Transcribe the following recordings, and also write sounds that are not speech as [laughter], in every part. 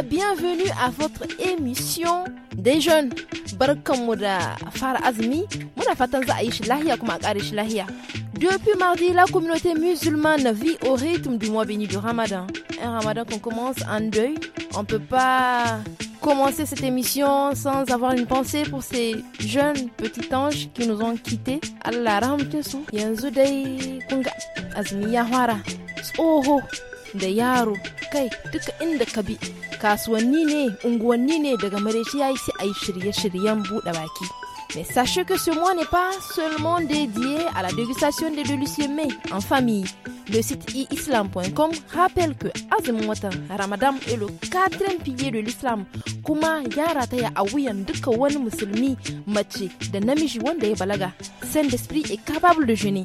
bienvenue à votre émission des jeunes. Depuis mardi, la communauté musulmane vit au rythme du mois béni du Ramadan. Un Ramadan qu'on commence en deuil. On ne peut pas commencer cette émission sans avoir une pensée pour ces jeunes petits anges qui nous ont quittés. Allah rahmatusu. Yanzu dai kasuwanni ne unguwanni ne daga mareci sai a yi shirye-shiryen buɗe baki Mais sachez que ce mois n'est pas seulement dédié à la dégustation des délicieux mais en famille. Le site iislam.com rappelle que azumin Ramadan est le quatrième pilier de l'islam kuma ya rataya a wuyan duka musulmi mace da namiji wanda ya balaga. Saint d'esprit est capable de jeûner.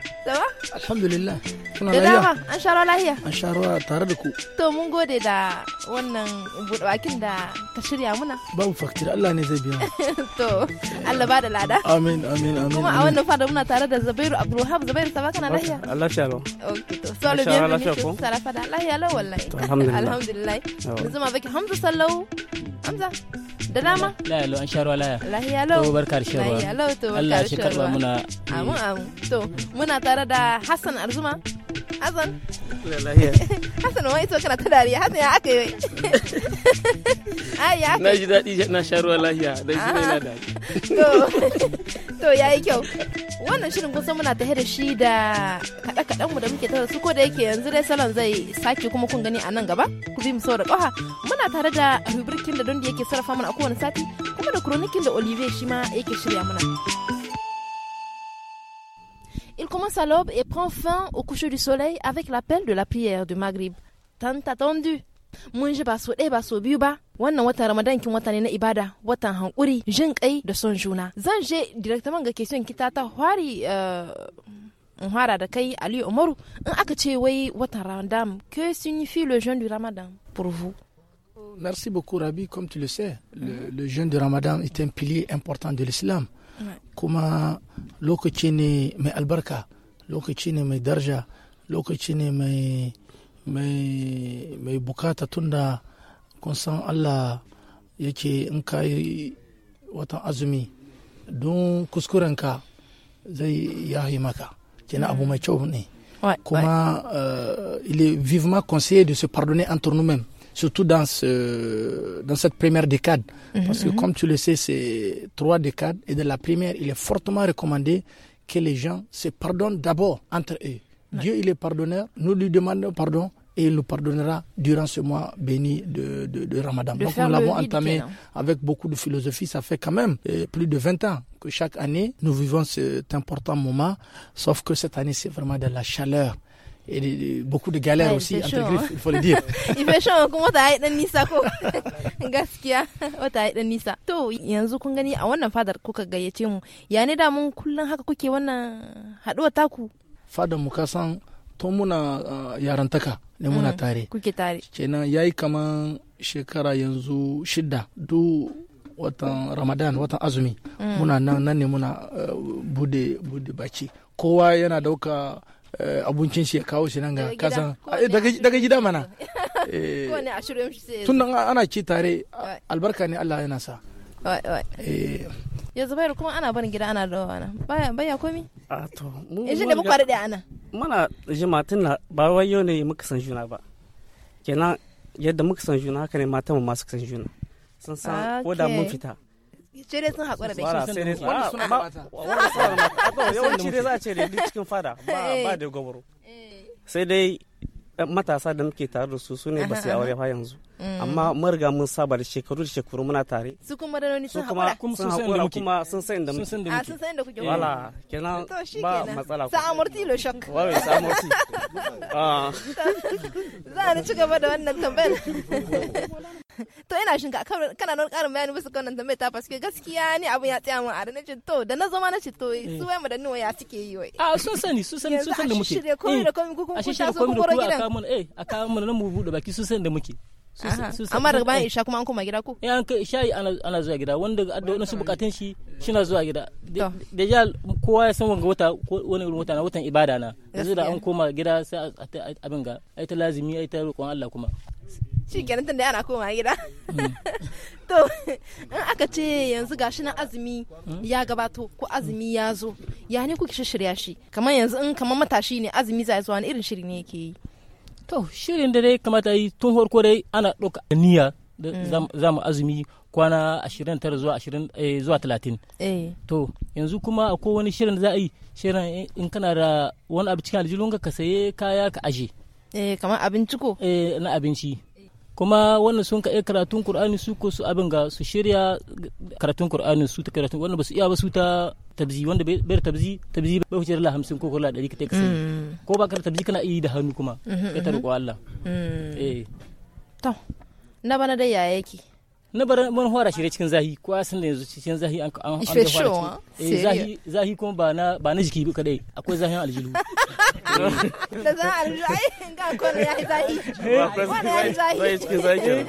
Lawa? Alhamdulillah. Kuna da dama an sharo lahiya? An sharo tare da ku. To mun gode da wannan buɗe bakin da ka shirya muna. Babu faktir Allah ne zai biya. [laughs] to Allah ba da lada. Amin amin amin. Kuma a wannan fada muna tare da Zubairu Abdulhab Zubairu Saba na lahiya? Allah ya lo. Okay to solo biyan ne ki sara fada lahiya lo wallahi. Alhamdulillah. Alhamdulillah. Yanzu ma baki Hamza sallau. Hamza. da dama? Laya lau an sha ruwa laya. Lahiya lau. To barka da shan ruwa. Lahiya lau to barka da shan ruwa. Allah shi karba muna. Amin amin. To muna tare tare da Hassan Arzuma. Hassan. [laughs] Hassan wai to kana ta dariya Hassan ya aka yi. [laughs] Ai ya Na ji daɗi na sha ruwa lahiya dan shi na ah. daɗi. [laughs] To to yayi kyau. Wannan shirin kun san muna tahe da shi da kaɗe kaɗan mu da muke tare su ko da yake yanzu dai salon zai sake kuma kun gani a nan gaba. Ku bi mu sau da ƙaha. Muna tare da rubrikin da don da yake sarrafa mana a kowane sati kuma da kronikin da Olivier shi ma yake shirya mana. commence à l'aube et prend fin au coucher du soleil avec l'appel de la prière du Maghrib. Tant attendu. mun j'ai ba so ɗaya eh ba so biyu ba wannan watan ramadan kin wata na ibada watan hankuri jin kai da son juna zan je directement ga question kita ta hwari in euh, hwara da kai aliyu umaru in aka ce wai watan ramadan que signifie le jeûne du ramadan pour vous Merci beaucoup Rabi, comme tu le sais, le, le jeûne du Ramadan est un pilier important de l'islam kuma lokaci ne mai albarka lokaci ne mai darja lokaci ne mai mai mai bukata tunda kun san allah yake in ka yi watan azumi don kuskurenka zai yahi maka kina abu mai kyau ne kuma eh, il est vivement conseillé de se pardonner entre nous-mêmes surtout dans, ce, dans cette première décade. Mhm, Parce que mhm. comme tu le sais, c'est trois décades. Et de la première, il est fortement recommandé que les gens se pardonnent d'abord entre eux. Dieu, il est pardonneur. Nous lui demandons pardon et il nous pardonnera durant ce mois béni de, Ramadan. Donc nous l'avons entamé avec beaucoup de philosophie. Ça fait quand même euh, plus de 20 ans que chaque année, nous vivons cet important moment. Sauf que cette année, c'est vraiment de la chaleur. et beaucoup de galères ouais, aussi, entre chaud, griffes, il faut le dire. [laughs] il fait chaud, comment t'as été dan nisa ko gaskiya wata oh, yi dan nisa. To yanzu kun gani a wannan fadar kuka gayyace mu, ya ne da mun kullum haka kuke wannan haɗuwa taku? Fadar mu ka san to muna yarantaka ne muna mm, tare. Kuke tare. Kenan yayi kaman shekara yanzu shidda du watan ramadan watan azumi mm. muna nan nan ne muna eh, bude bude baki kowa yana dauka Eh, abincin shi ya kawo shi nan ga kasan ah, eh, daga gida mana [laughs] tun nan ana ci tare albarka ne Allah yana sa eh. yanzu zubairu kuma ana barin gida ana da wana baya baya komi a ah, to mu shi da muka da ana mana jima tun na ba wai yau ne muka san juna ba kenan yadda muka san juna haka ne matan mu ma suka san juna sun san ko da mun fita sai sun haƙura da shi wani suna wani suna kamata yawanci dai za a ce da cikin fada ba eh. da gwabaro eh. sai dai matasa da muke tare da su sune ba su yi aure ba yanzu mm. amma mun mun saba da shekaru da shekaru muna tare su kuma da wani sun haƙura kuma sun san kuma sun san da ah, muke sun san da kuke wala eh. kenan ba matsala sa amurti lo shock wala sa amurti [laughs] ah. za ni ci gaba da wannan tambayar [laughs] [laughs] to ina shin kana da karin bayani bisa kan mai ta paske gaskiya ne abun ya tsaya mun a ranar to da na zama na ci to eh. su wai da wai ya suke yi wai a ah, sun sani sun sani sun sani da muke shirye komai da komai kuma eh, kun gidan a kawo mana eh a kawo nan mu bude baki sun sani da muke amma daga bayan eh. isha kuma an koma gida ko eh an kai isha ana zuwa gida wanda da wani su bukatun shi shina zuwa gida da ya kowa ya san wanga wata wani irin wata na watan ibada na yanzu da an koma gida sai abin ga ai ta lazimi ai ta roƙon Allah kuma shi kenan tunda yana koma gida mm. [laughs] to in aka ce yanzu gashi na azumi mm. ya gabato ko azumi ya zo ya ne kuke shirya shi kamar yanzu in kamar matashi ne azumi za zuwa irin shiri ne yake yi to shirin da dai kamata yi tun farko dai ana ɗauka niyya mm. za mu azumi kwana 29 zuwa 20 eh, zuwa 30 eh. to yanzu kuma akwai wani shirin da za a yi shirin in kana da wani abu cikin aljihunka ka saye kaya ka aje eh kamar abinci ko eh na abinci kuma wannan sun kai karatun Kur'ani su ko su abin ga su shirya karatun Kur'ani su ta karatun wannan ba su iya ba su ta tabzi wanda bai da tabzi tabzi bai wuce la hamsin ko la 100 ka ta sai mm. ko ba ka tabzi kana yi da hannu kuma mm-hmm, ka tarko mm-hmm. Allah mm. eh. to na bana dai yaya yake na bar mun fara shirye cikin zahi ko ya san da yanzu cikin zahi an an an fara ah? eh, zahi zahi kuma ba na ba na jiki kadai akwai zahin aljihu [laughs] da zahin aljihu ai ga ko ya zahi wanda ya zahi cikin zahi [laughs]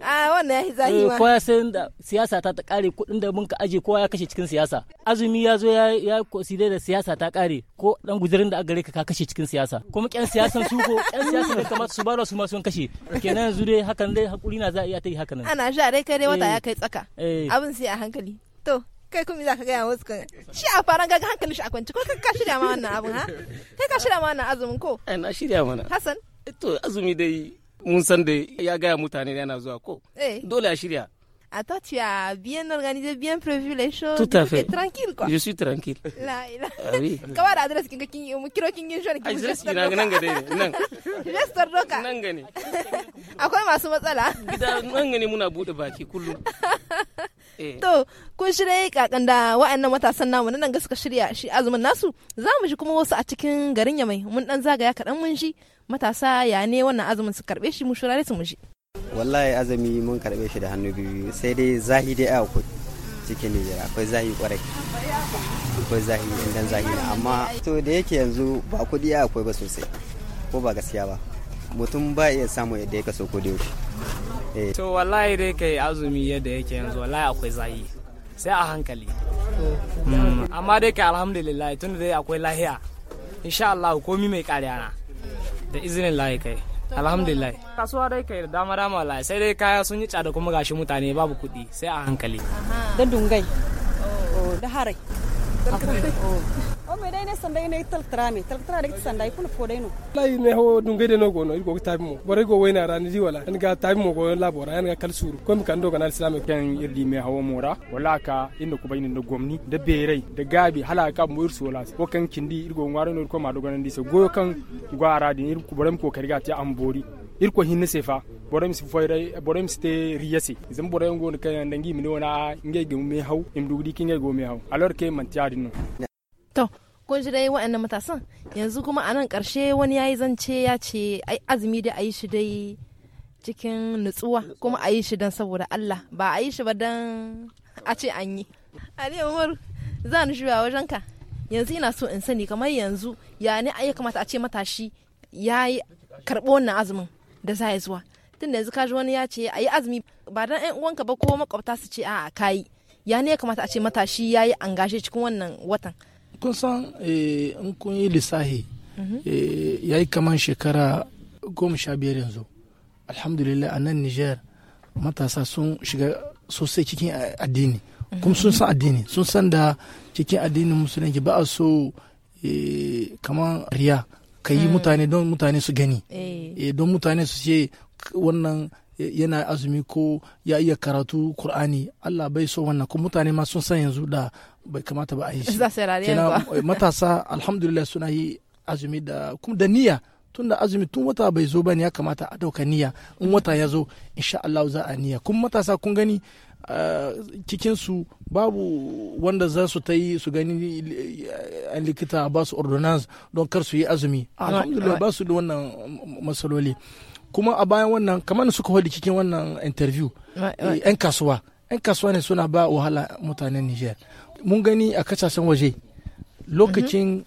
a ah, wannan ya zahi eh, ma kowa san da siyasa ta ta kare kudin da mun ka aje kowa ya kashe cikin siyasa azumi ya zo ya ya koside da siyasa ta kare ko dan gujirin da aka gare ka ka kashe cikin siyasa kuma kyan siyasan su ko kyan siyasan da kamar su bara su ma sun kashe kenan yanzu dai hakan dai hakuri na za a iya ta yi hakan ana sha dai kai dai wata eh. ya kai tsaka eh. abin sai a hankali to kai kuma za ka gaya wasu kan shi a faran gaga hankali shi a kwanci ko ka shirya ma wannan abin ha kai ka shirya ma wannan azumin ko ai na shirya mana hasan to azumi dai samedi, ya zuwa ko eh. dole a shirya à toi, tu as bien organisé, bien prévu les choses. Tout à fait. Tu es tranquille, quoi. Je suis tranquille. Là, [laughs] là. Ah oui. Comment [laughs] l'adresse euh, ah, Je suis [laughs] Eh. To, kun shirya kakan da wa'annan matasan namu nan ga suka shirya shi azumin nasu, za mu ji kuma wasu a cikin garin ya mai mun dan zagaya kaɗan mun shi matasa ya ne wannan azumin su karɓe shi mu shirare su mu shi. Wallahi azumi mun karɓe shi da hannu biyu, sai dai zahi dai a kuɗi. cikin Nijar akwai zahi kwarai akwai zahi indan zahi na amma to da yake yanzu ba kuɗi akwai ba sosai ko ba gaskiya ba mutum ba iya samu yadda ya kaso ko da yaushe Eh. to wallahi dai kai azumi yadda yake yanzu wallahi akwai zayi sai a hankali hmm. Hmm, amma dai kai alhamdulillah tun dai akwai lahiya insha Allah komi mai kariya da izinin lahi kai alhamdulillah kasuwa dai kai da dama dama wallahi sai dai kaya sun yi tsada kuma gashi mutane babu kuɗi sai a hankali da dungai oh, oh, da harai omedaine sandaine taltrani taltrani dik sandai pun fodaino lai ne ho dungede no gono irgo tabi mo bore go wena rani di wala ga tabi mo go la bora ga kalsuru ko mi kando kana islam ken irdi me hawo mora wala ka inda ku bayni da gomni da berai da gabi halaka mo irsu wala ko kan kindi irgo ngwaro no ko ma do ganan dise goyo kan gwara din irko bore mi ko kariga ta ambori irko hinne sefa borem si foyre borem si te riyasi zam borem go kan ndangi mi wona ngai go me haw im dugdi ki ngai go me haw alors que man tiadi no to kun ji dai waɗannan matasan yanzu kuma a nan ƙarshe wani ya yi zance ya ce ai azumi da a yi shi dai cikin nutsuwa kuma a yi shi don saboda Allah ba a yi shi ba don a ce an yi Ali Umar za ni wajen ka yanzu ina so in sani kamar yanzu ya ne ayi kamata a ce matashi ya yi karɓo wannan azumin da za ya zuwa tun da yanzu ka ji wani ya ce a yi azumi ba dan 'yan uwanka ba ko makwabta su ce a'a kayi ya ne ya kamata a ce matashi ya yi angashe cikin wannan watan kun san eh, in kun yi lissahi eh, ya yi kaman shekara goma sha biyar yanzu alhamdulillah a nan niger matasa sun shiga sosai cikin addini kuma sun san addini sun san da cikin addini musulunci ba a so eh, kaman riya ka yi hmm. mutane don mutane su gani don mutane su ce wannan yana azumi ko ya iya karatu Kur'ani Allah bai so wannan ko mutane ma sun san yanzu da bai kamata ba a yi shi [laughs] matasa alhamdulillah suna yi azumi da kuma da niyya tun da azumi tun wata bai zo ba ne ya kamata a dauka niyya in wata ya zo insha Allah za a niyya kuma matasa kun gani eh, cikin su babu wanda za su ta yi su gani eh, a likita ba su ordonance don kar su yi azumi alhamdulillah ba su da wannan mm, mm, matsaloli kuma a bayan wannan kamar da suka hodi cikin wannan interview eh, yan kasuwa yan kasuwa ne suna ba wahala mutanen niger mun gani a kasashen waje lokacin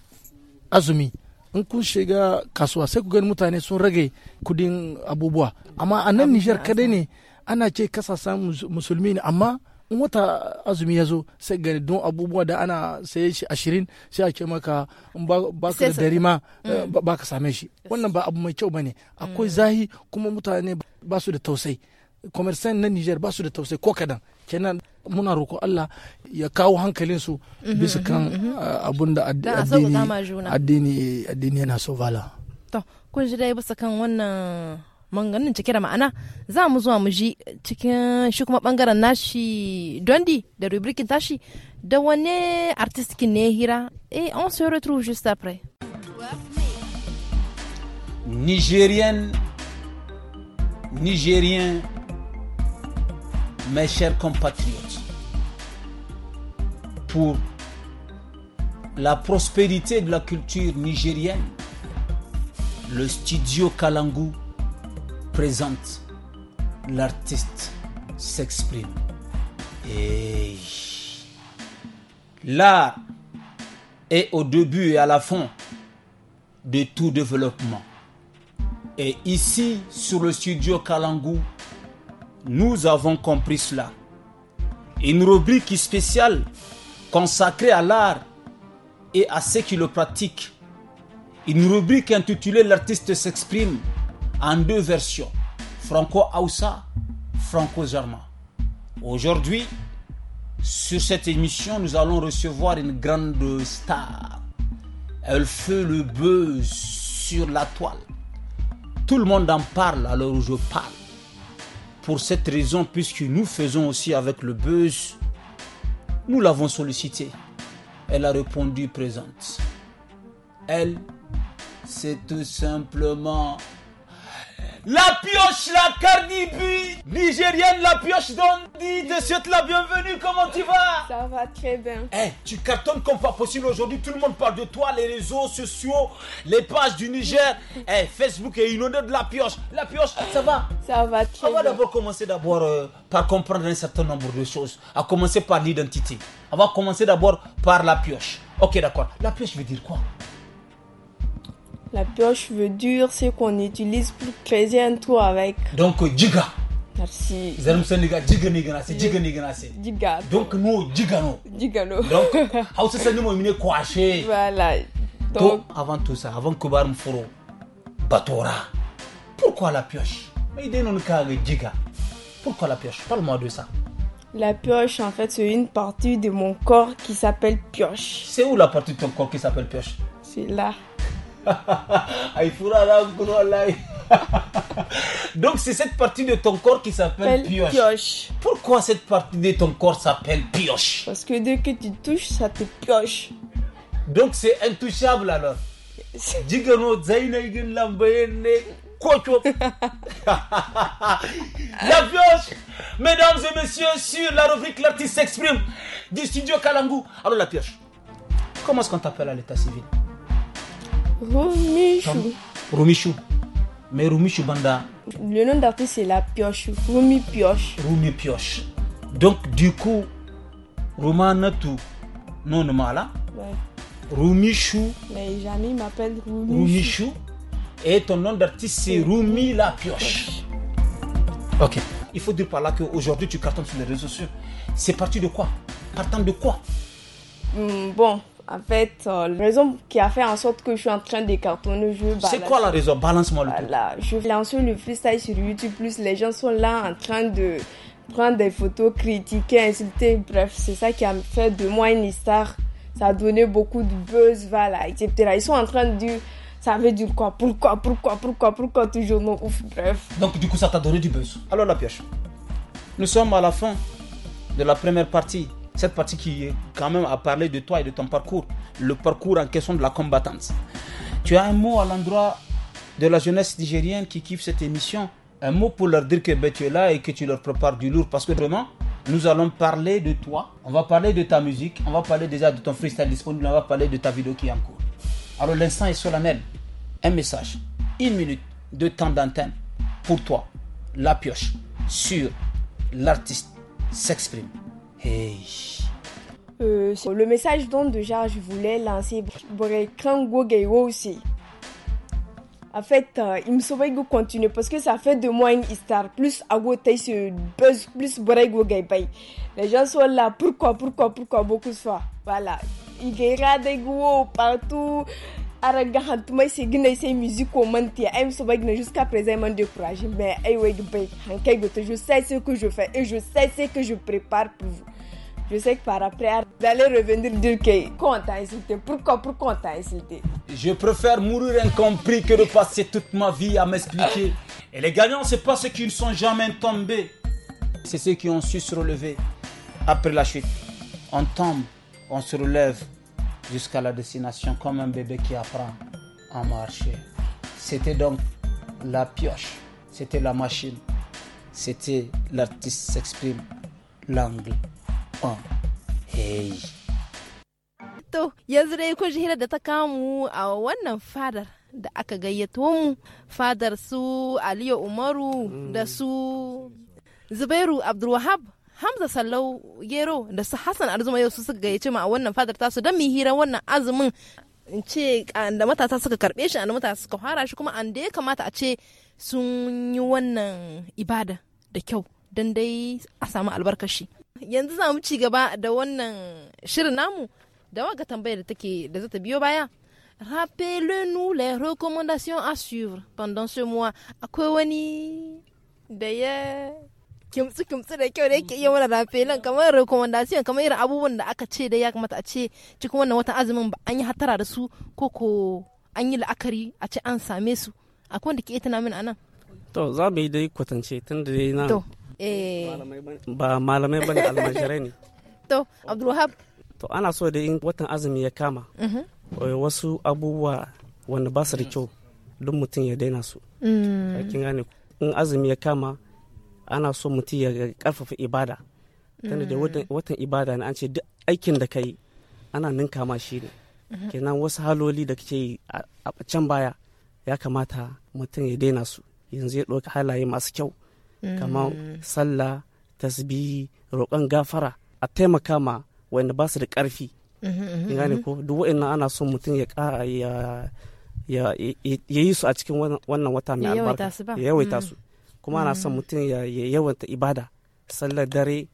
azumi in kun shiga kasuwa sai ku gani mutane sun rage kudin abubuwa amma a nan niger kadai ne ana ce kasashen musulmi ne amma in wata azumi ya zo sai gani don abubuwa da ana saye shi ashirin sai a maka ba ka da dari ma eh, mm. ba ka same shi wannan ba abu mai kyau ne mm. akwai zahi kuma mutane ba su da tausayi commerçant na Niger ba su da tausai ko kadan kenan muna roƙo Allah ya kawo hankalin su mm-hmm, bisa mm-hmm, kan mm-hmm. Eh, abun da addini addini yana so vala to kun ji dai bisa kan wannan manganin cike da ma'ana za mu zuwa mu ji cikin shi kuma bangaren nashi dondi da rubrikin tashi da wane artist ne hira et eh, on se retrouve juste après nigérienne nigérien mes chers compatriotes pour la prospérité de la culture nigérienne le studio Kalangu présente, l'artiste s'exprime. Et l'art est au début et à la fin de tout développement. Et ici, sur le studio Kalangu, nous avons compris cela. Une rubrique spéciale consacrée à l'art et à ceux qui le pratiquent. Une rubrique intitulée L'artiste s'exprime en deux versions, franco-aoussa, franco-germain. Aujourd'hui, sur cette émission, nous allons recevoir une grande star. Elle fait le buzz sur la toile. Tout le monde en parle alors je parle. Pour cette raison, puisque nous faisons aussi avec le buzz, nous l'avons sollicité. Elle a répondu présente. Elle, c'est tout simplement la pioche, la carnibu nigérienne, la pioche d'Andy, te souhaite la bienvenue, comment tu vas Ça va très bien. Eh, tu cartonnes comme pas possible aujourd'hui, tout le monde parle de toi, les réseaux sociaux, les pages du Niger. Eh, Facebook est inondé de la pioche. La pioche, ça va Ça va très On va d'abord commencer d'abord euh, par comprendre un certain nombre de choses, à commencer par l'identité. On va commencer d'abord par la pioche. Ok, d'accord. La pioche veut dire quoi la pioche veut dire ce qu'on utilise pour creuser un trou avec. Donc, jiga. Merci. Jiga. Donc, nous, jigano. Jigano. Donc, [laughs] nous, Voilà. Donc, avant tout ça, avant que Barum Foro, batora. Pourquoi la pioche Mais il non jiga. Pourquoi la pioche Parle-moi de ça. La pioche, en fait, c'est une partie de mon corps qui s'appelle pioche. C'est où la partie de ton corps qui s'appelle pioche C'est là. Donc c'est cette partie de ton corps qui s'appelle pioche. Pourquoi cette partie de ton corps s'appelle pioche Parce que dès que tu touches, ça te pioche. Donc c'est intouchable alors. [laughs] [laughs] la pioche Mesdames et messieurs, sur la rubrique L'artiste s'exprime du studio Kalangu. Alors la pioche, comment est-ce qu'on t'appelle à l'état civil Romichou. Romichou. Mais Romichou Banda. Le nom d'artiste c'est La Pioche. Rumi Pioche. Pioche. Donc du coup, Romanatu non Mala. Ouais. Rumichou. Mais jamais il m'appelle Rumichou. Rumichou. Et ton nom d'artiste c'est Rumi La Pioche. Ok. Il faut dire par là qu'aujourd'hui tu cartonnes sur les réseaux sociaux. C'est parti de quoi Partant de quoi hmm, Bon, en fait, euh, la raison qui a fait en sorte que je suis en train de cartonner le jeu. C'est quoi la raison Balance-moi le Je lance le freestyle sur YouTube, plus les gens sont là en train de prendre des photos, critiquer, insulter. Bref, c'est ça qui a fait de moi une star. Ça a donné beaucoup de buzz, voilà, etc. Ils sont en train de dire, ça veut dire quoi, pourquoi, pourquoi, pourquoi, pourquoi, toujours, non, ouf, bref. Donc, du coup, ça t'a donné du buzz. Alors, la pioche. Nous sommes à la fin de la première partie cette partie qui est quand même à parler de toi et de ton parcours, le parcours en question de la combattance. Tu as un mot à l'endroit de la jeunesse nigérienne qui kiffe cette émission, un mot pour leur dire que ben, tu es là et que tu leur prépares du lourd parce que vraiment, nous allons parler de toi, on va parler de ta musique, on va parler déjà de ton freestyle disponible, on va parler de ta vidéo qui est en cours. Alors l'instant est solennel. Un message, une minute de temps d'antenne pour toi, la pioche sur l'artiste s'exprime. Euh, le message dont déjà je voulais lancer aussi. En fait, euh, il me sauve que continuer parce que ça fait de moi une star. Plus Agotay ce buzz, plus Borego Les gens sont là. Pourquoi, pourquoi, pourquoi beaucoup de Voilà. Il y a des partout jusqu'à présent mais je sais ce que je fais et je sais ce que je prépare pour vous je sais que par après vous allez revenir dire que content, t'a insulté pourquoi pourquoi content, t'a insulté je préfère mourir incompris que de passer toute ma vie à m'expliquer et les gagnants c'est pas ceux qui ne sont jamais tombés c'est ceux qui ont su se relever après la chute on tombe on se relève jusqu'à la destination comme un bébé qui apprend à marcher. C'était donc la pioche, c'était la machine, c'était l'artiste s'exprime, l'angle. en Hey. To yanzu dai kun hira da ta kamu a wannan fadar da aka gayyato mu fadar su Aliyu Umaru da su Zubairu Abdulwahab hamza sallau gero da su hassan arzuma yau su gayyace mu a wannan fadar tasu don mu hira wannan azumin in ce da matasa suka karbe shi da matasa suka fara shi kuma an da ya kamata a ce sun yi wannan ibada da kyau don dai a samu albarkashi yanzu za mu ci gaba da wannan shirin namu da waga tambayar da take da zata biyo baya rappelez-nous les recommandations à suivre pendant ce mois akwai wani da ya kimtsi kimtsi da kyau da yake iya mana nan kamar recommendation kamar irin abubuwan da aka ce da ya kamata a ce cikin wannan watan azumin ba an yi hatara da su ko ko an yi la'akari a ce an same su akwai wanda ke tana min nan. to za mu yi dai kwatance tun da dai na eh. ba malamai bane almajirai ne [laughs] to abdulwahab to ana so da in watan azumi ya kama mhm. eh, wasu abubuwa wanda ba su da kyau don mutum ya daina su mm. kin gane in azumi ya kama ana so mutum ya karfafa ibada tana da watan ibada ne an ce duk aikin da ka yi ana ninka ma shi ne kenan wasu haloli da kake yi a can baya ya kamata mutum ya daina su yanzu ya ɗauka halaye masu kyau kamar sallah tasbihi roƙon gafara a taimaka ma wanda ba su da ƙarfi gane ko duk wa'annan ana son mutum ya ya yi su a cikin wannan wata mai albarka ya yawaita su mm. kuma ana son mm. mutum ya yawanta ibada sallar dare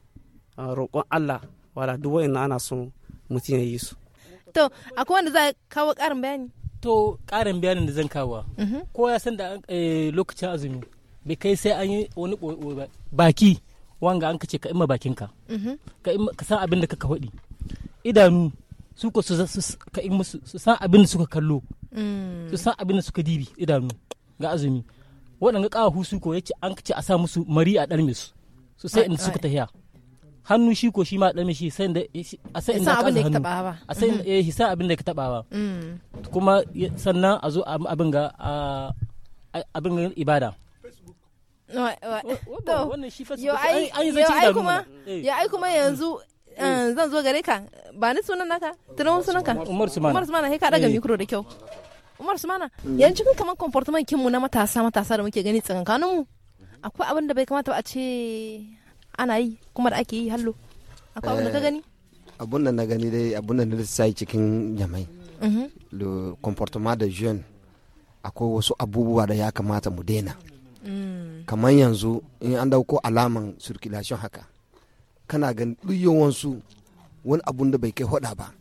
roƙon Allah wala duk wa'annan ana son mutum ya yi su to akwai wanda za kawo ƙarin bayani to ƙarin bayanin da zan kawo mhm. ko ya san da eh, lokacin azumi bai kai sai an yi wani baki wanga an kace ka ima bakinka mhm. ka san abin da ka faɗi idanu su ka su san abin da suka kallo mm. su san abin da suka dibi idanu ga azumi waɗanda ƙawa su ko yace an ce a sa musu mari a ɗarme su so sai inda suka tafiya hannu shi ko shi ma ɗarme shi sai inda a sai inda ka hannu a sai inda mm-hmm. eh hisa abin da ka taɓa ba mm. kuma sannan a zo abin ga abin ga ibada ya eh. ai kuma yanzu eh. Eh, zan zo gare ka ba ni sunan naka tunan sunan ka umar sumana umar sumana sai ka daga mikro da kyau Umar Sumana mm. yanzu kun kaman comportment kin mu na matasa matasa da muke gani tsakankanin mu akwai abin da bai kamata a ce ana yi kuma da ake yi hallo akwai abin da ka eh, gani abun da na gani dai abun da na sai cikin jamai mm-hmm. le comportement de jeune akwai wasu abubuwa da ya kamata mu daina mm. kamar yanzu in an dauko alaman circulation haka kana ganin duk su wani abun da bai kai hoda ba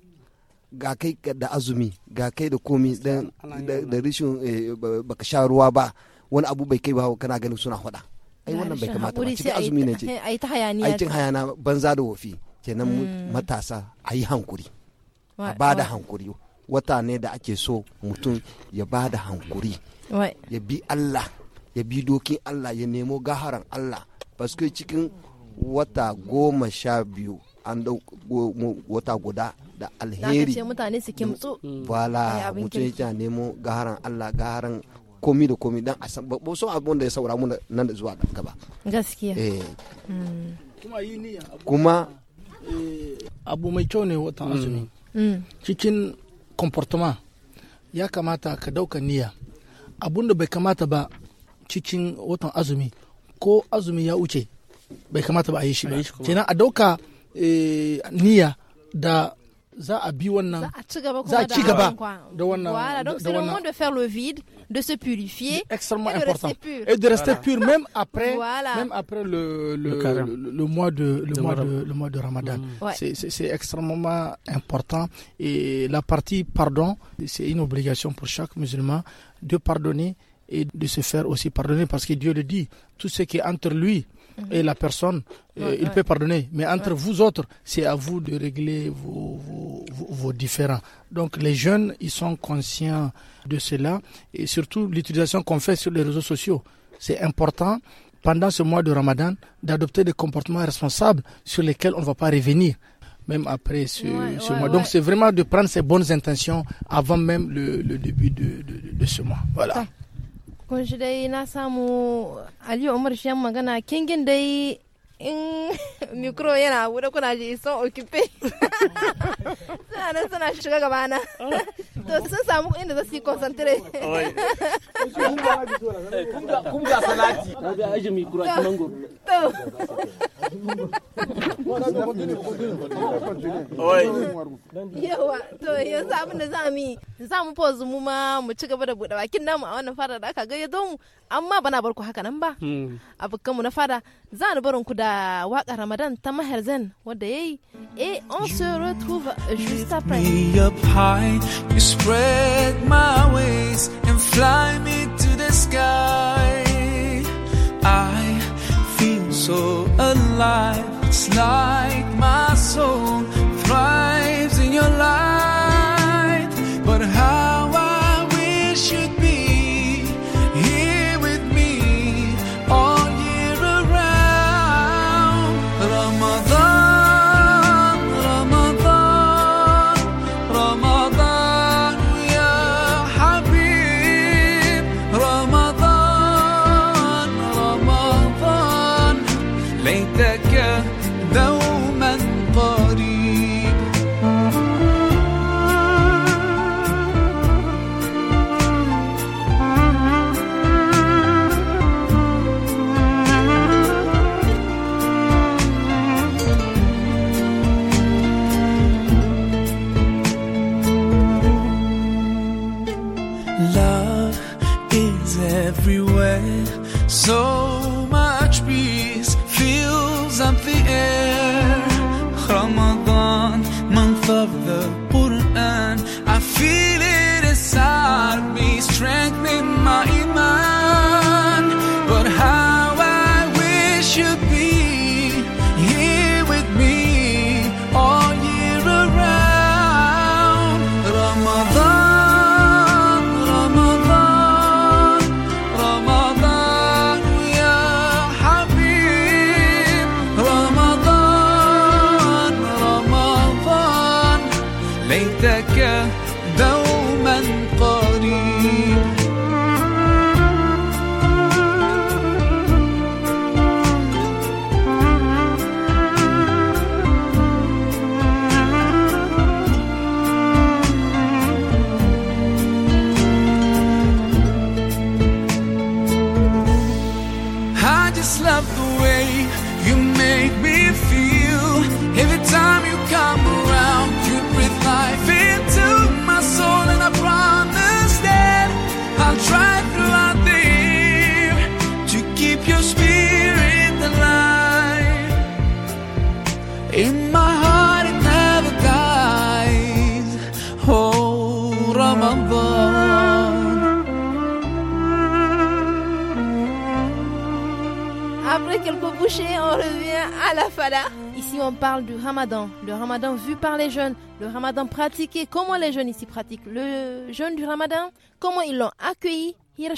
ga kai da azumi ga kai da komi da rishin eh, baka sha ruwa ba wani abu bai kai ba kana ganin suna faɗa ai wannan bai kamata ba cikin azumi ne ce [laughs] ai cin hayana banza da wofi kenan hmm. matasa a yi hankuri a ba da hankuri wata ne da ake so mutum ya ba da hankuri ya bi Allah ya bi dokin Allah ya nemo gaharan Allah basu cikin wata goma sha biyu an wata guda da alheri ce mutane su kimtsu bala mm. mutum yake nemo gaharan Allah gaharan komi da komi dan a babban so abin da ya saura mun nan da zuwa gaba gaskiya eh. mm. kuma eh, abu mai kyau ne watan mm. azumi cikin comportement ya kamata ka dauka niyya abun da bai kamata ba cikin watan azumi ko azumi ya wuce bai kamata ba a yi shi ba kenan a dauka eh, niyya da a donc c'est le moment de faire le vide de se purifier extrêmement de important pur. et de rester pur même après même après le le, le, mois de le, mois de le mois de Ramadan mm. c'est c'est extrêmement important et la partie pardon c'est une obligation pour chaque musulman de pardonner et de se faire aussi pardonner parce que Dieu le dit tout ce qui est entre lui Mhm. et la personne, il peut pardonner. Mais entre vous autres, c'est à vous de régler vos, vos, vos, différends. Donc les jeunes, ils sont conscients de cela et surtout l'utilisation qu'on fait sur les réseaux sociaux. C'est important pendant ce mois de Ramadan d'adopter des comportements responsables sur lesquels on ne va pas revenir même après ce, ce mois. Donc c'est vraiment de prendre ses bonnes intentions avant même le, le début de, de, de, ce mois. Voilà. kun shi dai na samu aliyu umar shi magana kingin dai in [laughs] [laughs] [laughs] eh, mikro yana buɗe kuna ji son okipe suna nan suna shiga gabana to sun samu inda za su yi concentrate a yawa to za za mu pause mu ma mu ci gaba da buɗe bakin namu a wannan fada da aka mu amma bana bar ku haka nan ba abokanmu na fada za ni barin da wakar Ramadan ta Maher Zen wadda yayi et on you se retrouve juste après me up spread my wings and fly me to the sky I feel so alive it's like my Oh, Après quelques bouchées, on revient à la fada. Ici, on parle du ramadan, le ramadan vu par les jeunes, le ramadan pratiqué, comment les jeunes ici pratiquent le jeûne du ramadan, comment ils l'ont accueilli. a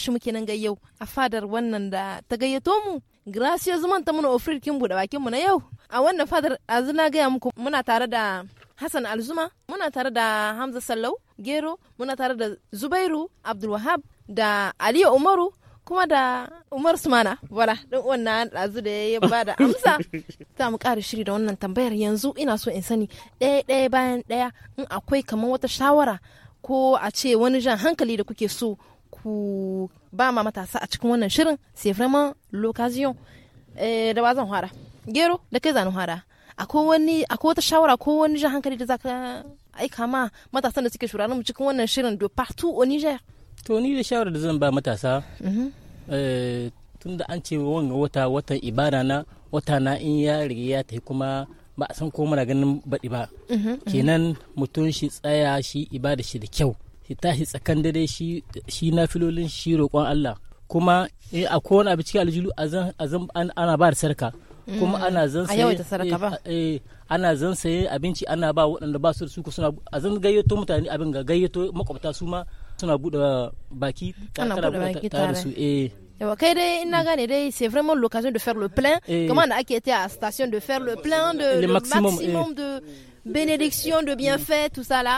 Gracias zuman ta muna ofirin kin buɗe bakin mu na yau. A wannan fadar azu na gaya muku muna tare da Hassan Alzuma, muna tare da Hamza Sallau Gero, muna tare da Zubairu Abdulwahab da Aliyu Umaru kuma da Umar Sumana. Wala, ɗan wannan na ɗazu da ya ba da amsa. [laughs] Za mu ƙara shiri da wannan tambayar yanzu ina so in sani ɗaya ɗaya bayan ɗaya in akwai kamar wata shawara ko a ce wani jan hankali da kuke so ku ba ma matasa a cikin wannan shirin c'est vraiment l'occasion eh, da ba zan fara gero da kai zanen fara akwai wani akwai wata shawara ko wani jan hankali da zaka aika ma matasan da suke shuraren mu cikin wannan shirin do partout au Niger to ni da shawara da zan ba matasa mhm. eh, tun da an ce wanga wata wata ibada na wata na in ya riga ya tafi kuma ba a san ko muna ganin baɗi ba mhm, mhm. kenan mutum shi tsaya shi ibada shi da kyau shi tashi tsakan dare shi shi na filolin shi roƙon Allah kuma eh a kowane abu cikin aljulu azan zan ana ba da sarka kuma mm. ana zan sai eh, eh ana zan sai abinci ana ba waɗanda ba su su suka suna a gayyato mutane abin ga gayyato makwabta su ma suna bude baki tare da su eh yawa kai dai ina mm. gane dai c'est vraiment l'occasion de faire le plein eh, comment on a été à station de faire le plein de le, maximum, eh. de bénédiction de bienfait tout ça là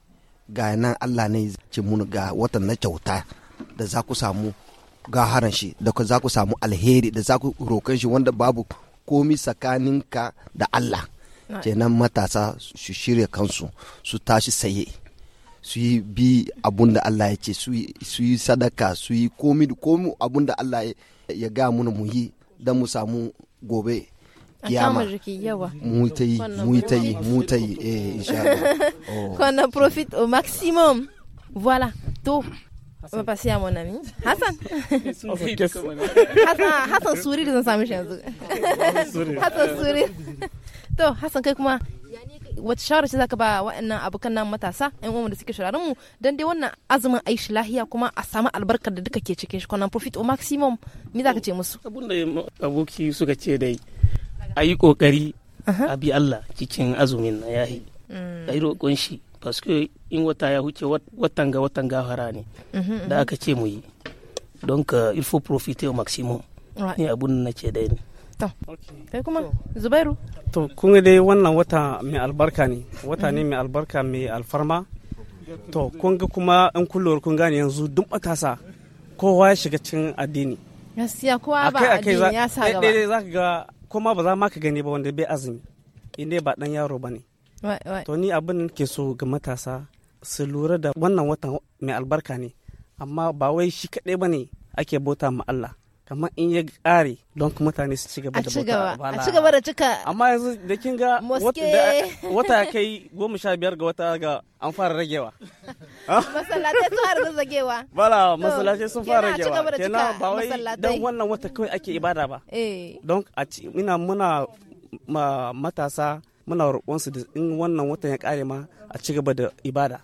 ga nan Allah ne ce mun ga watan na kyauta da za ku samu gaharan shi da za ku samu alheri da za ku roƙon shi wanda babu komi tsakaninka da Allah nan matasa su shirya kansu su tashi saye su yi bi abun da Allah ya ce su yi sadaka su yi komi abun da Allah ya ga muna mu yi don mu samu gobe kiyama mu yi mu yi mu yi eh insha Allah qu'on [laughs] oh. profite au maximum voilà tout on va passer à mon ami Hassan [laughs] Hassan Hassan sourire zan samu shi Hassan sourire to Hassan kai kuma wata shawara ce zaka ba wa'annan abokan nan matasa ɗan uwan da suke shirarin mu dan dai wannan azumin aishi lahiya kuma a samu albarkar da duka ke cikin shi kwanan profit o maximum me zaka ce musu abun da aboki suka ce dai a yi ƙoƙari a bi Allah cikin azumin na yahi mm. a yi roƙon shi paske in wata ya huce watan ga watan gafara ne mhm, da mhm. aka ce mu yi don ka il profite o maximum ni abun na ce da ni kai kuma zubairu to kun dai wannan wata mai albarka ne wata ne mhm. mai albarka mai alfarma to kun ga kuma in kullum kun gane yanzu duk matasa kowa ya shiga cikin addini gaskiya kowa ba addini ya sa gaba za ka ga kuma ba za ma ka gani ba wanda bai azumi inda ba dan yaro ba ne to ni abin ke so ga matasa su lura da wannan watan mai albarka ne amma ba wai shi kaɗai ba ne ake bauta ma Allah kamar in ya ƙare don mutane su ci gaba da bauta a ci gaba da cika amma yanzu da kin ga wata kai goma sha biyar ga wata ga an fara ragewa [laughs] masallatai sun fara zazzagewa bala masallatai sun fara ragewa kenan ba wai don wannan wata kawai ake ibada ba eh. don a ci muna muna matasa muna roƙonsu da in wannan watan ya ƙare ma a ci gaba da ibada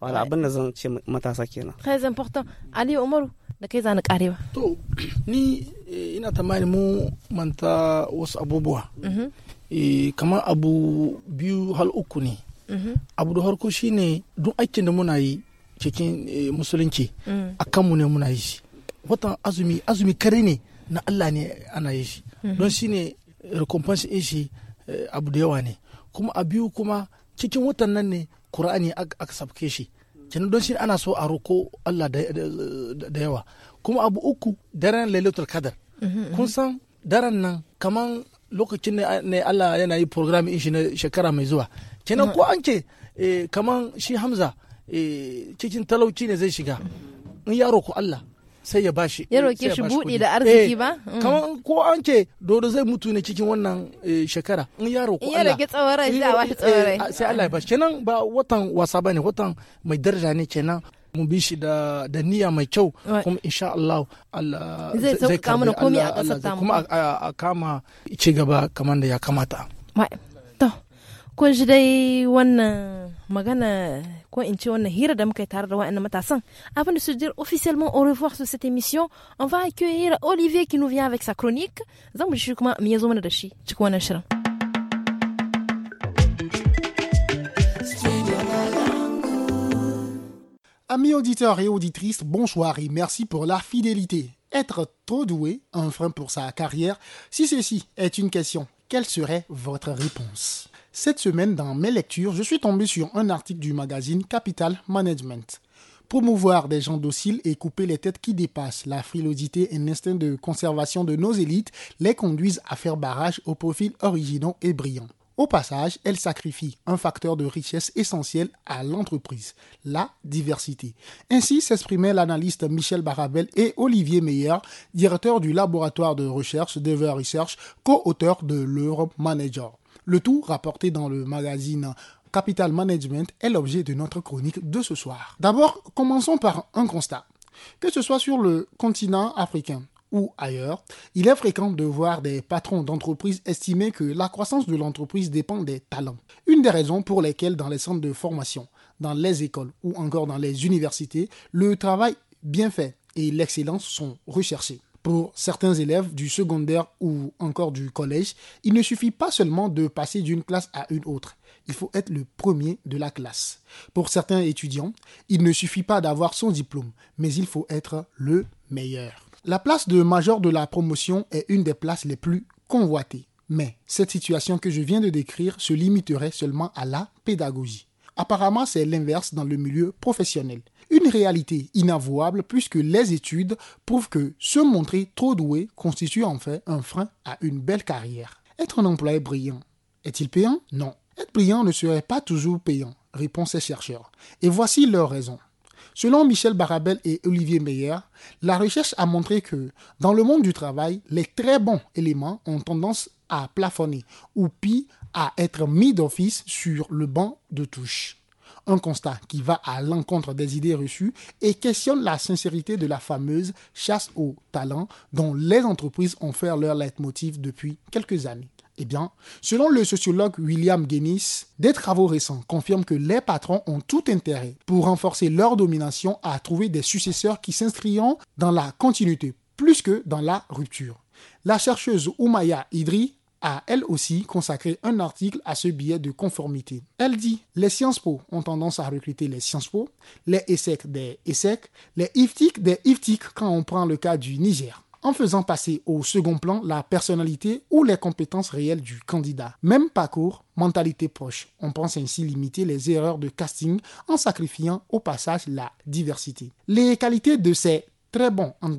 wala abin da zan ce matasa kenan très important ali umaru da kai zani karewa to [clears throat] ni eh, ina tamani mu manta wasu abubuwa mhm. eh, kamar abu biyu hal uku ne mhm. abu da harko shine duk aikin da muna yi cikin eh, musulunci mhm. a kanmu ne muna yi shi watan azumi azumi kare ne na allah ne ana yi shi don shine recompense shi abu da yawa ne kuma a biyu kuma cikin watan nan ne kur'ani aka sabke shi kenan don shi ana so a roko Allah da yawa kuma abu uku daren lailatul kadar mm-hmm. kun san daren nan kaman lokacin ne Allah yana yi program in shi na shekara mai zuwa kenan ko an ce eh, kaman shi Hamza eh, cikin talauci ne zai shiga mm-hmm. in ya roko Allah sai ya bashi ya eh, roke shi buɗe da arziki ba eh, mm. kamar ko an ce dodo zai mutu ne cikin wannan eh, shekara in ya roƙo Allah ya roƙi tsawarai sai a bashi tsawarai sai Allah ya bashi kenan ba watan wasa bane watan mai daraja ne kenan mu bi shi da da niyya mai kyau kuma insha Allah Allah zai sauka mana komai a kasar ta kuma a kama ci gaba kamar da ya kamata to kun ji dai wannan magana avant de se dire officiellement au revoir sur cette émission on va accueillir Olivier qui nous vient avec sa chronique Amis auditeurs et auditrices, bonsoir et merci pour la fidélité. Être trop doué, un frein pour sa carrière, si ceci est une question, quelle serait votre réponse cette semaine, dans mes lectures, je suis tombé sur un article du magazine Capital Management. Promouvoir des gens dociles et couper les têtes qui dépassent la frilosité et l'instinct de conservation de nos élites les conduisent à faire barrage aux profils originaux et brillants. Au passage, elles sacrifient un facteur de richesse essentiel à l'entreprise, la diversité. Ainsi s'exprimait l'analyste Michel Barabel et Olivier Meyer, directeur du laboratoire de recherche Dever Research, co-auteur de l'Europe Manager. Le tout rapporté dans le magazine Capital Management est l'objet de notre chronique de ce soir. D'abord, commençons par un constat. Que ce soit sur le continent africain ou ailleurs, il est fréquent de voir des patrons d'entreprises estimer que la croissance de l'entreprise dépend des talents. Une des raisons pour lesquelles dans les centres de formation, dans les écoles ou encore dans les universités, le travail bien fait et l'excellence sont recherchés pour certains élèves du secondaire ou encore du collège, il ne suffit pas seulement de passer d'une classe à une autre. Il faut être le premier de la classe. Pour certains étudiants, il ne suffit pas d'avoir son diplôme, mais il faut être le meilleur. La place de major de la promotion est une des places les plus convoitées. Mais cette situation que je viens de décrire se limiterait seulement à la pédagogie. Apparemment, c'est l'inverse dans le milieu professionnel une réalité inavouable puisque les études prouvent que se montrer trop doué constitue en fait un frein à une belle carrière. Être un employé brillant, est-il payant Non. Être brillant ne serait pas toujours payant, répondent ces chercheurs. Et voici leurs raisons. Selon Michel Barabel et Olivier Meyer, la recherche a montré que dans le monde du travail, les très bons éléments ont tendance à plafonner ou pis à être mis d'office sur le banc de touche un constat qui va à l'encontre des idées reçues et questionne la sincérité de la fameuse chasse au talent dont les entreprises ont fait leur leitmotiv depuis quelques années. Eh bien, selon le sociologue William Guinness, des travaux récents confirment que les patrons ont tout intérêt pour renforcer leur domination à trouver des successeurs qui s'inscriront dans la continuité plus que dans la rupture. La chercheuse Oumaya Idri a elle aussi consacré un article à ce billet de conformité. Elle dit les Sciences Po ont tendance à recruter les Sciences Po, les ESSEC des ESSEC, les IFTIC des IFTIC quand on prend le cas du Niger en faisant passer au second plan la personnalité ou les compétences réelles du candidat. Même parcours, mentalité proche. On pense ainsi limiter les erreurs de casting en sacrifiant au passage la diversité. Les qualités de ces très bons en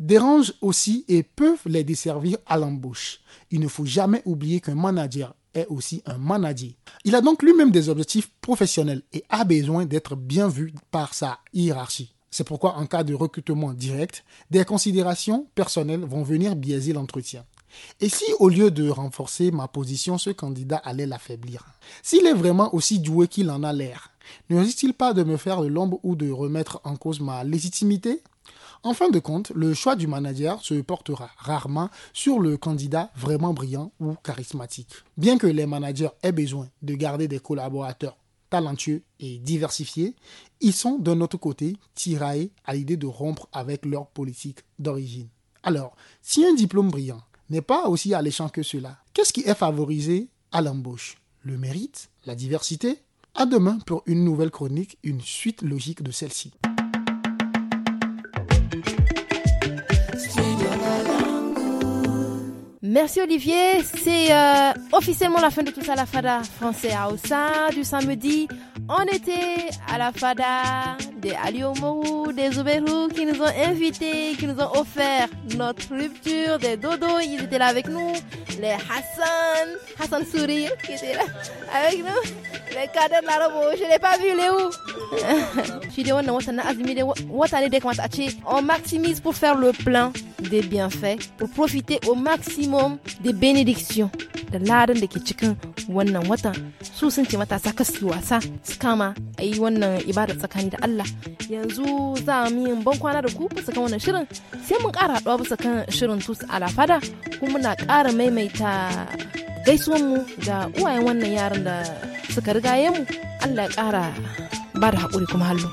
dérangent aussi et peuvent les desservir à l'embauche. Il ne faut jamais oublier qu'un manager est aussi un manager. Il a donc lui-même des objectifs professionnels et a besoin d'être bien vu par sa hiérarchie. C'est pourquoi en cas de recrutement direct, des considérations personnelles vont venir biaiser l'entretien. Et si au lieu de renforcer ma position, ce candidat allait l'affaiblir S'il est vraiment aussi doué qu'il en a l'air, ne risque-t-il pas de me faire de l'ombre ou de remettre en cause ma légitimité en fin de compte, le choix du manager se portera rarement sur le candidat vraiment brillant ou charismatique. Bien que les managers aient besoin de garder des collaborateurs talentueux et diversifiés, ils sont d'un autre côté tiraillés à l'idée de rompre avec leur politique d'origine. Alors, si un diplôme brillant n'est pas aussi alléchant que cela, qu'est-ce qui est favorisé à l'embauche Le mérite La diversité À demain pour une nouvelle chronique, une suite logique de celle-ci. Merci Olivier. C'est euh, officiellement la fin de tout ça, la FADA français à Ossa du samedi. On était à la FADA des Alioumou des Ouberou qui nous ont invités, qui nous ont offert notre rupture, des Dodo, ils étaient là avec nous, les Hassan, Hassan Souri qui était là avec nous, les Kader je ne l'ai pas vu, où On maximise pour faire le plein des bienfaits, pour profiter au maximum psaume de benediction da ladan da ke cikin wannan watan su sun ce matasa kasu su wasa su kama a yi wannan ibada tsakani da Allah yanzu za mu yin ban kwana da ku bisa kan wannan shirin sai mun kara haɗuwa bisa kan shirin tusu alafada kuma na kara maimaita mu ga uwayen wannan yaran da suka riga mu Allah ya kara ba da haƙuri kuma hallo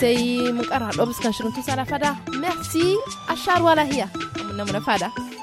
sai mun kara haɗuwa bisa kan shirin tusu alafada merci a sharuwa lahiya na fada.